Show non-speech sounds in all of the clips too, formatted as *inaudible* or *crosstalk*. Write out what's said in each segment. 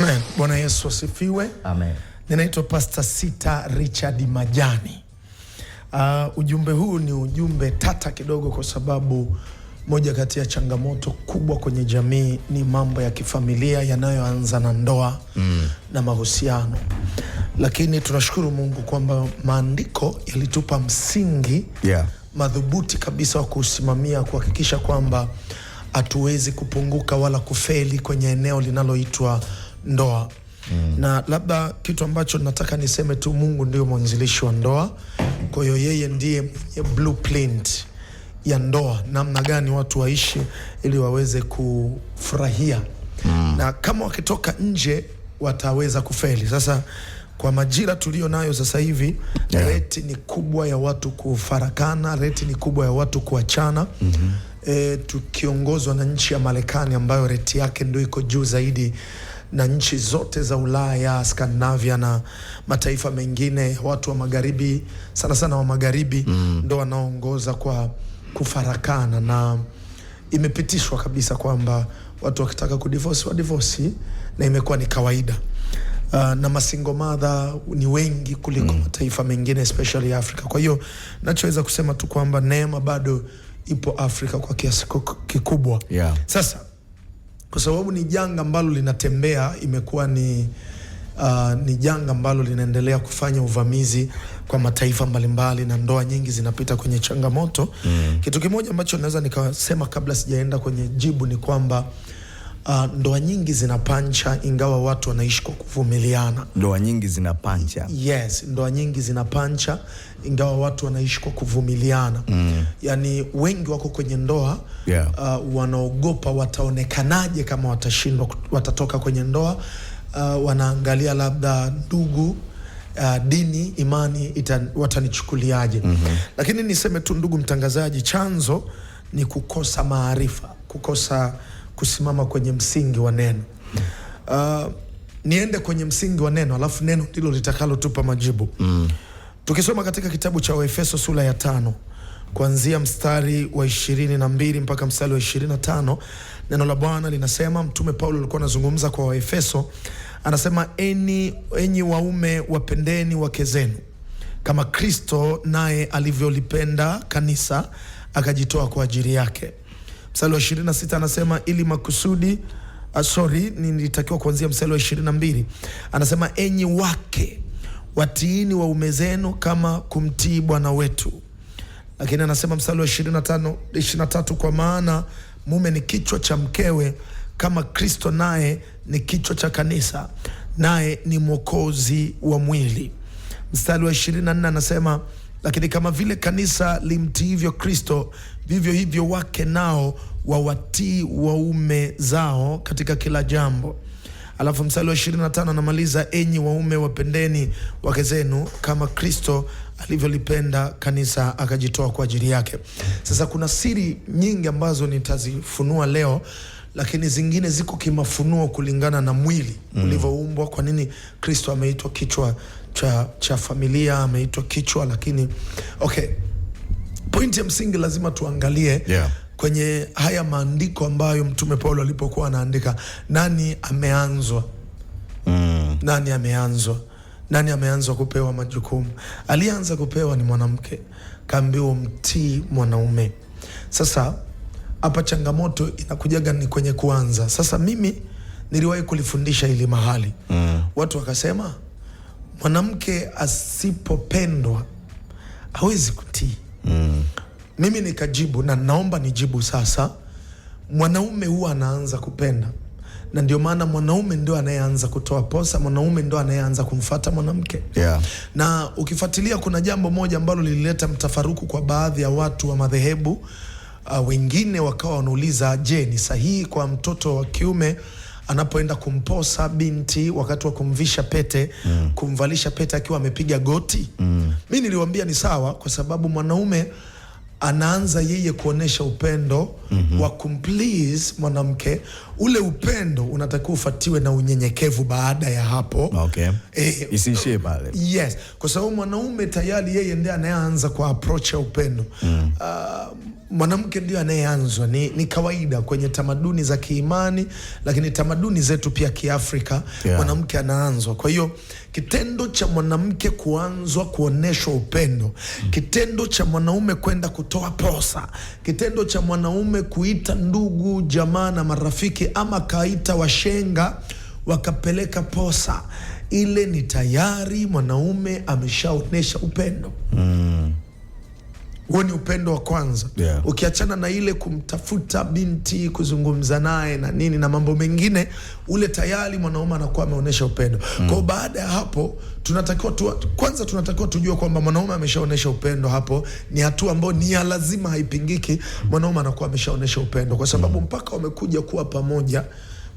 Amen. Bwana Yesu asifiwe. Amen. Ninaitwa Pastor Sita Richard Majani. Uh, ujumbe huu ni ujumbe tata kidogo kwa sababu moja kati ya changamoto kubwa kwenye jamii ni mambo ya kifamilia yanayoanza na ndoa mm, na mahusiano, lakini tunashukuru Mungu kwamba maandiko yalitupa msingi yeah, madhubuti kabisa wa kusimamia kuhakikisha kwamba hatuwezi kupunguka wala kufeli kwenye eneo linaloitwa ndoa mm. na labda kitu ambacho nataka niseme tu, Mungu ndio mwanzilishi wa ndoa, kwa hiyo yeye ndiye blueprint ya ndoa, namna gani watu waishi ili waweze kufurahia mm. na kama wakitoka nje wataweza kufeli. Sasa kwa majira tulio nayo sasa hivi yeah. reti ni kubwa ya watu kufarakana, reti ni kubwa ya watu kuachana mm -hmm. E, tukiongozwa na nchi ya Marekani ambayo reti yake ndio iko juu zaidi na nchi zote za Ulaya, Skandinavia na mataifa mengine, watu wa magharibi sana sana wa magharibi mm. ndo wanaongoza kwa kufarakana, na imepitishwa kabisa kwamba watu wakitaka kudivosi wadivosi, na imekuwa ni kawaida uh, na masingo madha ni wengi kuliko mm. mataifa mengine especially Afrika. Kwa hiyo nachoweza kusema tu kwamba neema bado ipo Afrika kwa kiasi kikubwa yeah. Sasa kwa sababu ni janga ambalo linatembea, imekuwa ni Uh, ni janga ambalo linaendelea kufanya uvamizi kwa mataifa mbalimbali na ndoa nyingi zinapita kwenye changamoto. Mm. Kitu kimoja ambacho naweza nikasema kabla sijaenda kwenye jibu ni kwamba uh, ndoa nyingi zina pancha, ingawa watu wanaishi kwa kuvumiliana. Ndoa nyingi zinapancha. Yes, ndoa nyingi zina pancha, ingawa watu wanaishi kwa kuvumiliana mm. Yaani wengi wako kwenye ndoa yeah. Uh, wanaogopa wataonekanaje kama watashindwa, watatoka kwenye ndoa uh, wanaangalia labda ndugu Uh, dini imani watanichukuliaje? mm -hmm. Lakini niseme tu ndugu mtangazaji, chanzo ni kukosa maarifa, kukosa kusimama kwenye msingi wa neno uh, niende kwenye msingi wa neno alafu neno ndilo litakalotupa majibu mm. Tukisoma katika kitabu cha Waefeso sura ya tano kuanzia mstari wa ishirini na mbili mpaka mstari wa ishirini na tano neno la Bwana linasema, Mtume Paulo alikuwa anazungumza kwa Waefeso, anasema eni, enyi waume wapendeni wake zenu kama Kristo naye alivyolipenda kanisa akajitoa kwa ajili yake mstari wa 26 anasema ili makusudi ah, sorry, nilitakiwa kuanzia mstari wa 22 anasema enyi wake watiini waume zenu kama kumtii Bwana wetu, lakini anasema mstari wa na 23 kwa maana mume ni kichwa cha mkewe kama Kristo naye ni kichwa cha kanisa, naye ni mwokozi wa mwili. Mstari wa 24 anasema lakini kama vile kanisa limtiivyo Kristo, vivyo hivyo wake nao wawatii waume zao katika kila jambo. Alafu mstari wa 25 anamaliza, enyi waume wapendeni wake zenu kama Kristo alivyolipenda kanisa akajitoa kwa ajili yake. Sasa kuna siri nyingi ambazo nitazifunua leo, lakini zingine ziko kimafunuo kulingana na mwili mm, ulivyoumbwa. Kwa nini Kristo ameitwa kichwa cha, cha familia ameitwa kichwa, lakini okay pointi ya msingi lazima tuangalie yeah kwenye haya maandiko ambayo Mtume Paulo alipokuwa anaandika, nani ameanzwa? mm. nani ameanzwa? nani ameanzwa kupewa majukumu? aliyeanza kupewa ni mwanamke, kaambiwa mtii mwanaume. Sasa hapa changamoto inakujaga ni kwenye kuanza. Sasa mimi niliwahi kulifundisha ili mahali mm. watu wakasema mwanamke asipopendwa hawezi kutii mm. Mimi nikajibu na naomba nijibu sasa. Mwanaume huwa anaanza kupenda, na ndio maana mwanaume ndio anayeanza kutoa posa, mwanaume ndio anayeanza kumfata mwanamke yeah. Na ukifuatilia kuna jambo moja ambalo lilileta mtafaruku kwa baadhi ya watu wa madhehebu uh, wengine wakawa wanauliza, je, ni sahihi kwa mtoto wa kiume anapoenda kumposa binti wakati wa kumvisha pete mm. kumvalisha pete akiwa amepiga goti mm. mi niliwambia ni sawa, kwa sababu mwanaume anaanza yeye kuonesha upendo mm -hmm. wa kumplease mwanamke. Ule upendo unatakiwa ufatiwe na unyenyekevu baada ya hapo okay. E, isiishie pale yes, kwa sababu mwanaume tayari yeye ndiye anayeanza kwa approach ya upendo mm. uh, mwanamke ndio anayeanzwa. Ni, ni kawaida kwenye tamaduni za kiimani, lakini tamaduni zetu pia Kiafrika yeah. mwanamke anaanzwa. Kwa hiyo kitendo cha mwanamke kuanzwa kuoneshwa upendo mm. kitendo cha mwanaume kwenda kutoa posa, kitendo cha mwanaume kuita ndugu, jamaa na marafiki, ama kaita washenga wakapeleka posa, ile ni tayari mwanaume ameshaonyesha upendo mm huo ni upendo wa kwanza yeah. Ukiachana na ile kumtafuta binti kuzungumza naye na nini na mambo mengine, ule tayari mwanaume anakuwa ameonyesha upendo mm. Kwao baada ya hapo tunatakiwa tu, kwanza tunatakiwa tujue kwamba mwanaume ameshaonyesha upendo. Hapo ni hatua ambayo ni ya lazima, haipingiki. Mwanaume anakuwa ameshaonyesha upendo kwa sababu mm. mpaka wamekuja kuwa pamoja,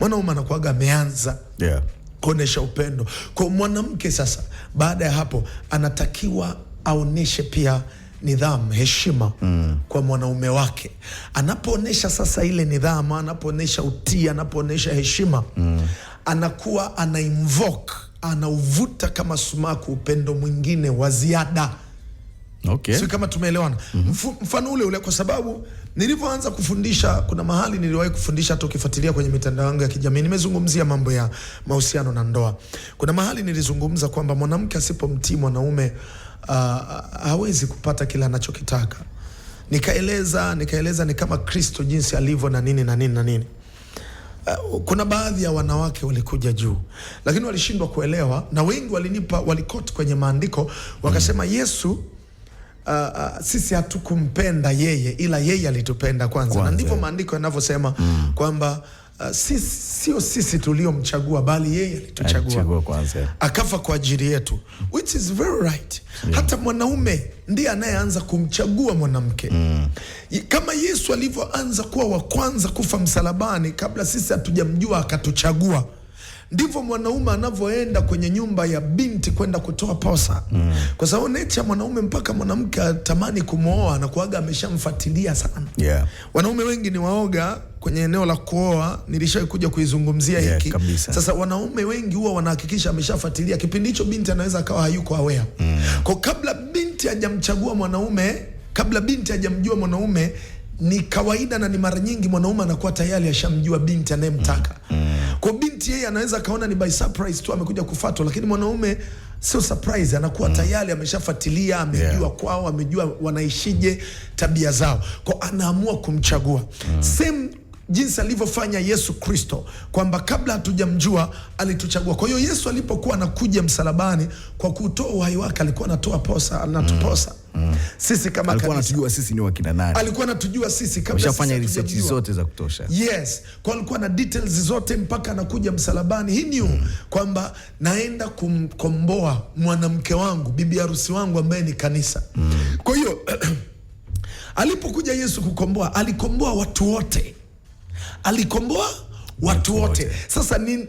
mwanaume anakuwaga ameanza yeah. kuonyesha upendo kwa mwanamke. Sasa baada ya hapo anatakiwa aoneshe pia nidhamu, heshima mm. kwa mwanaume wake. Anapoonyesha sasa ile nidhamu, anapoonyesha utii, anapoonyesha heshima mm. anakuwa anainvoke, anauvuta kama sumaku upendo mwingine wa ziada. Okay. Si kama tumeelewana? mm -hmm. Mfano ule ule, kwa sababu nilivyoanza kufundisha, kuna mahali niliwahi kufundisha, hata ukifuatilia kwenye mitandao yangu ya kijamii nimezungumzia mambo ya mahusiano na ndoa. Kuna mahali nilizungumza kwamba mwanamke asipomtii mwanaume hawezi kupata kile anachokitaka. Nikaeleza nikaeleza ni kama Kristo jinsi alivyo na nini na nini na nini. Uh, kuna baadhi ya wanawake walikuja juu, lakini walishindwa kuelewa, na wengi walinipa walikoti kwenye maandiko wakasema, mm. Yesu Uh, uh, sisi hatukumpenda yeye ila yeye alitupenda kwanza, na ndivyo maandiko yanavyosema mm. kwamba uh, sisi, sio sisi tuliomchagua bali yeye alituchagua akafa kwa ajili yetu which is very right yeah. Hata mwanaume ndiye anayeanza kumchagua mwanamke mm. Kama Yesu alivyoanza kuwa wa kwanza kufa msalabani kabla sisi hatujamjua akatuchagua ndivyo mwanaume anavyoenda kwenye nyumba ya binti kwenda kutoa posa mm. Kwa sababu nature mwanaume mpaka mwanamke atamani kumwoa na kuaga ameshamfuatilia sana yeah. Wanaume wengi ni waoga kwenye eneo la kuoa, nilishawahi kuja kuizungumzia yeah, hiki kabisa. Sasa wanaume wengi huwa wanahakikisha ameshafuatilia kipindi hicho, binti anaweza akawa hayuko aware mm. Kwa kabla binti hajamchagua mwanaume, kabla binti hajamjua mwanaume ni kawaida na ni mara nyingi mwanaume anakuwa tayari ashamjua binti anayemtaka. Mm. mm. Kwa binti yeye anaweza akaona ni by surprise tu amekuja kufatwa, lakini mwanaume sio surprise, anakuwa mm. tayari ameshafuatilia, amejua yeah. kwao, amejua wanaishije, tabia zao, kwa anaamua kumchagua mm. same jinsi alivyofanya Yesu Kristo, kwamba kabla hatujamjua alituchagua. Kwa hiyo Yesu alipokuwa anakuja msalabani kwa kutoa uhai wake alikuwa anatoa posa, anatuposa mm. mm. sisi kama alikuwa anatujua sisi ni wakina nani, alikuwa anatujua sisi kabla alishafanya research zote za kutosha. Yes, kwa alikuwa na details zote mpaka anakuja msalabani. He knew mm. kwamba naenda kumkomboa mwanamke wangu, bibi harusi wangu ambaye ni kanisa mm. kwa hiyo *clears throat* alipokuja Yesu kukomboa, alikomboa watu wote alikomboa watu wote. Sasa ni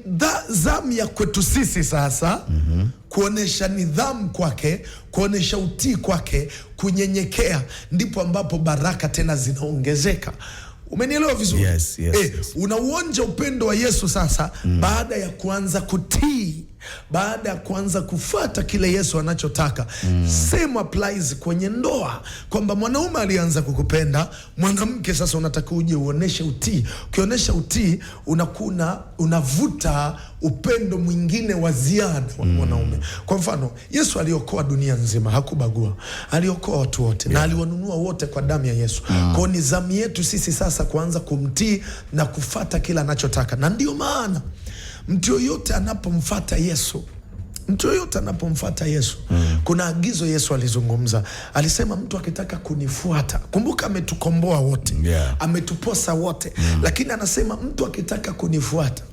zamu ya kwetu sisi sasa mm -hmm. kuonesha nidhamu kwake, kuonesha utii kwake, kunyenyekea, ndipo ambapo baraka tena zinaongezeka. Umenielewa vizuri? yes, yes, eh, yes. Unauonja upendo wa Yesu sasa mm. baada ya kuanza kutii baada ya kuanza kufata kile Yesu anachotaka mm. Same applies kwenye ndoa kwamba mwanaume alianza kukupenda mwanamke, sasa unataka uje uoneshe utii. Ukionyesha utii unakuna unavuta upendo mwingine wa ziada wa mm. mwanaume mm. Kwa mfano Yesu aliokoa dunia nzima, hakubagua, aliokoa watu wote yeah. Na aliwanunua wote kwa damu ya Yesu mm. Kwao ni zamu yetu sisi sasa kuanza kumtii na kufata kila anachotaka, na ndio maana Mtu yoyote anapomfata Yesu, mtu yoyote anapomfata Yesu mm. kuna agizo Yesu alizungumza, alisema mtu akitaka kunifuata. Kumbuka ametukomboa wote yeah. ametuposa wote mm. lakini anasema mtu akitaka kunifuata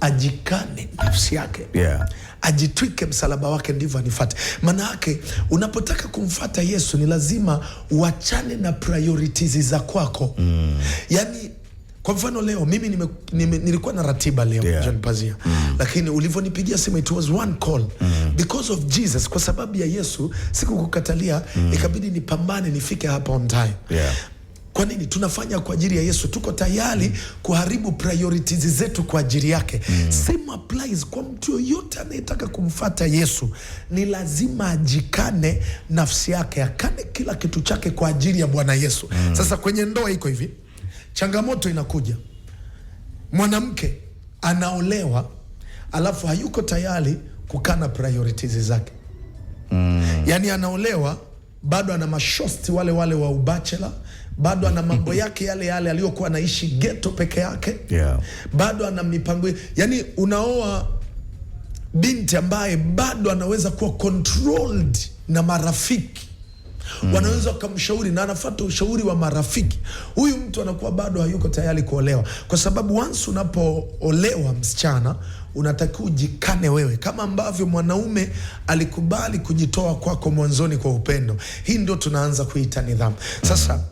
ajikane nafsi yake yeah. ajitwike msalaba wake ndivyo anifate. Maana yake unapotaka kumfata Yesu ni lazima uachane na priorities za kwako mm. yani kwa mfano leo mimi nime, nime, nilikuwa na ratiba leo yeah. John Pazia mm. Lakini ulivyonipigia simu it was one call mm. because of Jesus, kwa sababu ya Yesu sikukukatalia mm. Ikabidi nipambane nifike hapa on time yeah. Kwa nini tunafanya kwa ajili ya Yesu? Tuko tayari mm. kuharibu priorities zetu kwa ajili yake mm. Same applies kwa mtu yoyote anayetaka kumfata Yesu, ni lazima ajikane nafsi yake, akane kila kitu chake kwa ajili ya Bwana Yesu mm. Sasa kwenye ndoa iko hivi mm. Changamoto inakuja, mwanamke anaolewa alafu hayuko tayari kukana priorities zake mm. Yani anaolewa bado ana mashosti wale wale wa ubachela, bado ana mambo yake yale yale aliyokuwa anaishi ghetto peke yake yeah. Bado ana mipango, yani unaoa binti ambaye bado anaweza kuwa controlled na marafiki mm. wanaweza wakamshauri na anafata ushauri wa marafiki. Huyu mtu anakuwa bado hayuko tayari kuolewa, kwa sababu once unapoolewa msichana unatakiwa ujikane wewe, kama ambavyo mwanaume alikubali kujitoa kwako mwanzoni kwa upendo. Hii ndio tunaanza kuita nidhamu sasa. mm.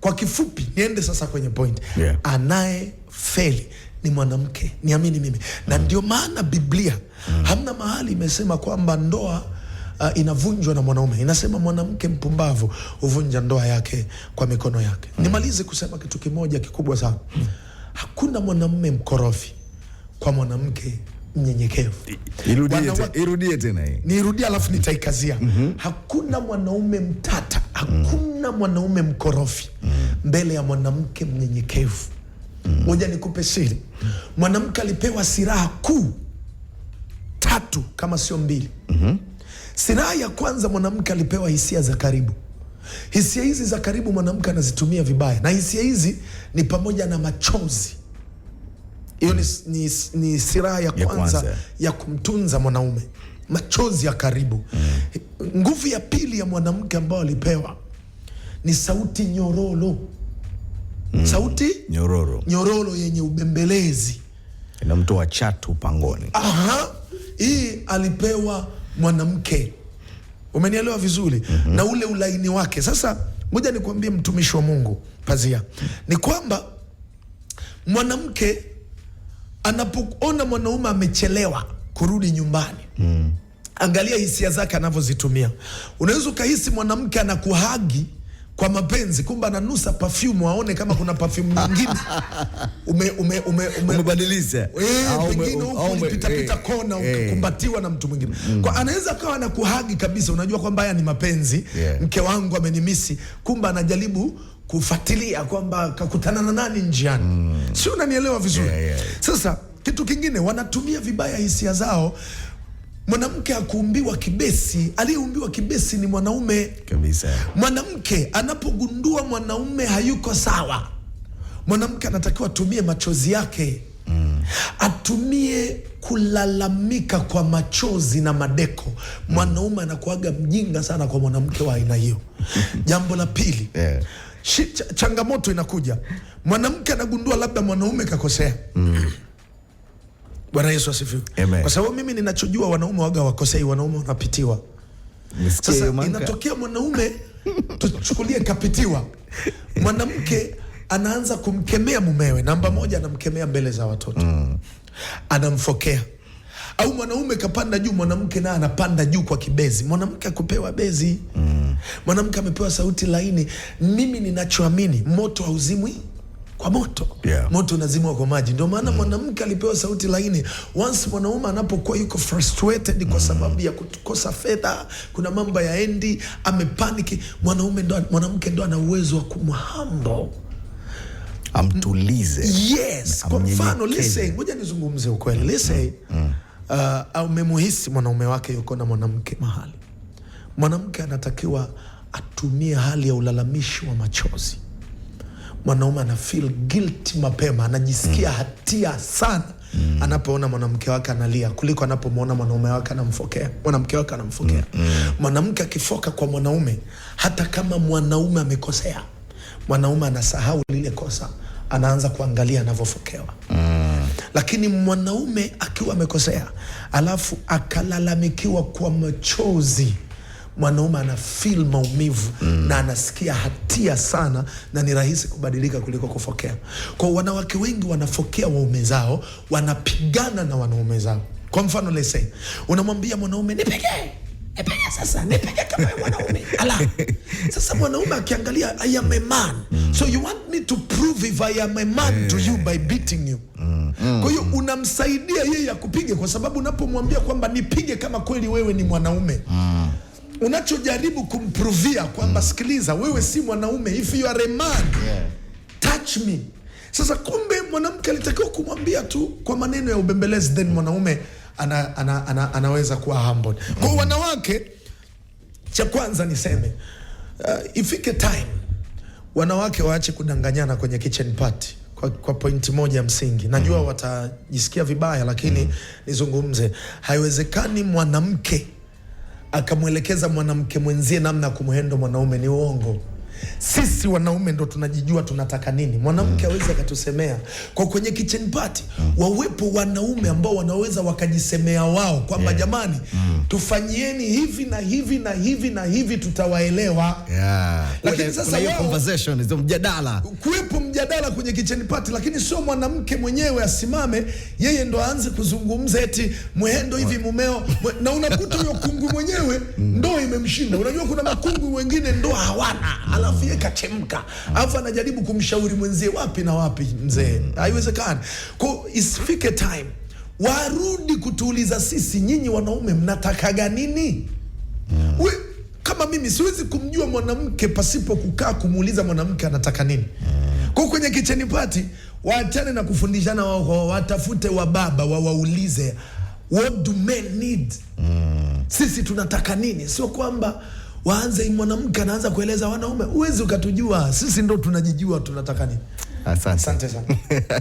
Kwa kifupi niende sasa kwenye point yeah. Anaye feli ni mwanamke, niamini mimi, na mm. ndio maana Biblia mm. hamna mahali imesema kwamba ndoa uh, inavunjwa na mwanaume. Inasema mwanamke mpumbavu huvunja ndoa yake kwa mikono yake. mm. Nimalize kusema kitu kimoja kikubwa sana. mm. Hakuna mwanamume mkorofi kwa mwanamke mnyenyekevu. Irudie tena hii, Nirudie alafu nitaikazia. mm -hmm. Hakuna mwanaume mtata, hakuna mwanaume mkorofi mm mbele ya mwanamke mnyenyekevu. Moja hmm. mm nikupe siri, mwanamke alipewa silaha kuu tatu kama sio mbili. mm -hmm. Silaha ya kwanza, mwanamke alipewa hisia za karibu. Hisia hizi za karibu mwanamke anazitumia vibaya, na hisia hizi ni pamoja na machozi. Hiyo ni, ni, ni silaha ya kwanza, ya kwanza ya kumtunza mwanaume, machozi ya karibu mm. Nguvu ya pili ya mwanamke ambayo alipewa ni sauti nyororo mm. Sauti nyororo, nyororo yenye ubembelezi, wa chatu pangoni. Aha, hii alipewa mwanamke, umenielewa vizuri mm -hmm. na ule ulaini wake. Sasa ngoja nikuambie mtumishi wa Mungu Pazia, ni kwamba mwanamke anapoona mwanaume amechelewa kurudi nyumbani mm. Angalia hisia zake anavyozitumia. Unaweza ukahisi mwanamke anakuhagi kwa mapenzi, kumbe ananusa perfume aone kama kuna perfume nyingine *laughs* ume ume ume umebadilisha, eh, pengine ah, huko ulipita eh, pita kona eh. ukikumbatiwa na mtu mwingine mm. Kwa anaweza kawa na kuhagi kabisa, unajua kwamba haya ni mapenzi Mke wangu amenimisi, kumbe anajaribu kufuatilia kwamba kakutana na nani njiani mm. Sio, unanielewa vizuri yeah, yeah. Sasa kitu kingine wanatumia vibaya hisia zao Mwanamke akuumbiwa kibesi, aliyeumbiwa kibesi ni mwanaume kabisa. Mwanamke anapogundua mwanaume hayuko sawa, mwanamke anatakiwa atumie machozi yake mm. atumie kulalamika kwa machozi na madeko. Mm. Mwanaume anakuaga mjinga sana kwa mwanamke wa aina hiyo. *laughs* Jambo la pili yeah. Ch changamoto inakuja, mwanamke anagundua labda mwanaume kakosea mm. Bwana Yesu asifiwe. Kwa sababu mimi ninachojua wanaume waga wakosei, wanaume wanapitiwa. Sasa inatokea mwanaume tuchukulie kapitiwa, mwanamke anaanza kumkemea mumewe. Namba moja, anamkemea mbele za watoto mm. anamfokea au mwanaume kapanda juu, mwanamke naye anapanda juu kwa kibezi. Mwanamke akupewa bezi mm. mwanamke amepewa sauti laini. Mimi ninachoamini moto hauzimwi kwa moto yeah. Moto unazimwa kwa maji. Ndio maana mm. mwanamke alipewa sauti laini. Once mwanaume anapokuwa yuko frustrated mm. kwa sababu ya kukosa fedha, kuna mambo ya endi, amepaniki, mwanaume ndo mwanamke ndo ana uwezo wa kumhambo amtulize. Yes, kwa mfano listen, ngoja nizungumze ukweli. Listen, mm. mm. uh, amemuhisi mwanaume wake yuko na mwanamke mahali, mwanamke anatakiwa atumie hali ya ulalamishi wa machozi mwanaume ana feel guilty mapema, anajisikia mm. hatia sana mm. anapoona mwanamke wake analia kuliko anapomwona mwanaume wake anamfokea, mwanamke wake anamfokea mm. mm. akifoka kwa mwanaume, hata kama mwanaume amekosea, mwanaume anasahau lile kosa, anaanza kuangalia anavyofokewa mm. Lakini mwanaume akiwa amekosea alafu akalalamikiwa kwa machozi mwanaume ana feel maumivu mm. na anasikia hatia sana, na ni rahisi kubadilika kuliko kufokea. Kwa wanawake wengi wanafokea waume zao, wanapigana na wanaume zao. Kwa mfano lese, unamwambia mwanaume nipige Nipige sasa, nipige kama mwanaume. Ala. Sasa mwanaume akiangalia I am a man. mm. So you want me to prove if I am a man yeah. to you by beating you. Kwa hiyo unamsaidia yeye akupige kwa sababu unapomwambia kwamba nipige kama kweli wewe ni mwanaume. mm unachojaribu kumprovia kwamba mm. Sikiliza wewe, si mwanaume, if you are a man touch me. Sasa kumbe mwanamke alitakiwa kumwambia tu kwa maneno ya ubembelezi, then mwanaume ana, ana, ana, anaweza kuwa humble. Kwa wanawake, cha kwanza niseme uh, ifike time wanawake waache kudanganyana kwenye kitchen party. Kwa, kwa pointi moja ya msingi najua mm. watajisikia vibaya, lakini mm. nizungumze, haiwezekani mwanamke akamwelekeza mwanamke mwenzie namna ya kumhendo mwanaume ni uongo. Sisi wanaume ndo tunajijua tunataka nini, mwanamke mm. awezi akatusemea kwa kwenye kitchen party mm. wawepo wanaume ambao wanaweza wakajisemea wao kwamba yeah. jamani mm. tufanyieni hivi na hivi na hivi na hivi tutawaelewa, yeah. lakini sasa conversation hizo mjadala, kuwepo mjadala kwenye kitchen party, lakini sio mwanamke mwenyewe asimame yeye ndo aanze kuzungumza eti mwendo hivi mumeo na unakuta huyo kungu mwenyewe *laughs* mm. ndo imemshinda. Unajua kuna makungu wengine ndo hawana alafu yeye kachemka, alafu anajaribu kumshauri mwenzie wapi na wapi. Mzee, mm. haiwezekani. ko, isifike time warudi kutuuliza sisi, nyinyi wanaume mnatakaga nini? Mm. We, kama mimi siwezi kumjua mwanamke pasipo kukaa kumuuliza mwanamke anataka nini. mm. Kwa kwenye kicheni pati waachane na kufundishana wao, watafute wababa wawaulize what do men need? Mm. Sisi tunataka nini, sio kwamba waanze mwanamke anaanza kueleza wanaume, huwezi ukatujua, sisi ndo tunajijua tunataka nini. Asante, asante sana.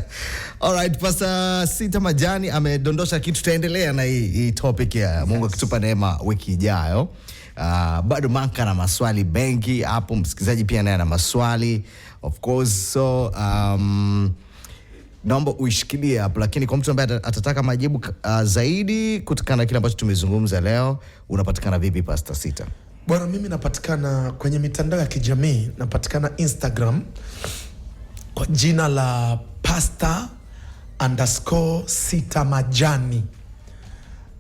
*laughs* Alright, Pasta Sita Majani amedondosha kitu, tutaendelea na hii, hii topic ya Mungu akitupa neema wiki ijayo. Uh, bado Maka na maswali mengi hapo, msikilizaji pia naye ana maswali of course, so um, naomba uishikilie hapo, lakini kwa mtu ambaye atataka majibu uh, zaidi kutokana na kile ambacho tumezungumza leo, unapatikana vipi Pasta Sita? Bwana, mimi napatikana kwenye mitandao ya kijamii, napatikana Instagram kwa jina la pasta underscore sita majani,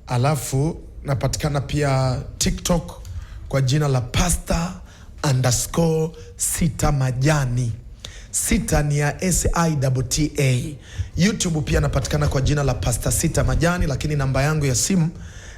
alafu napatikana pia TikTok kwa jina la pasta underscore sita majani sita ni ya SITA. YouTube pia napatikana kwa jina la pasta sita majani, lakini namba yangu ya simu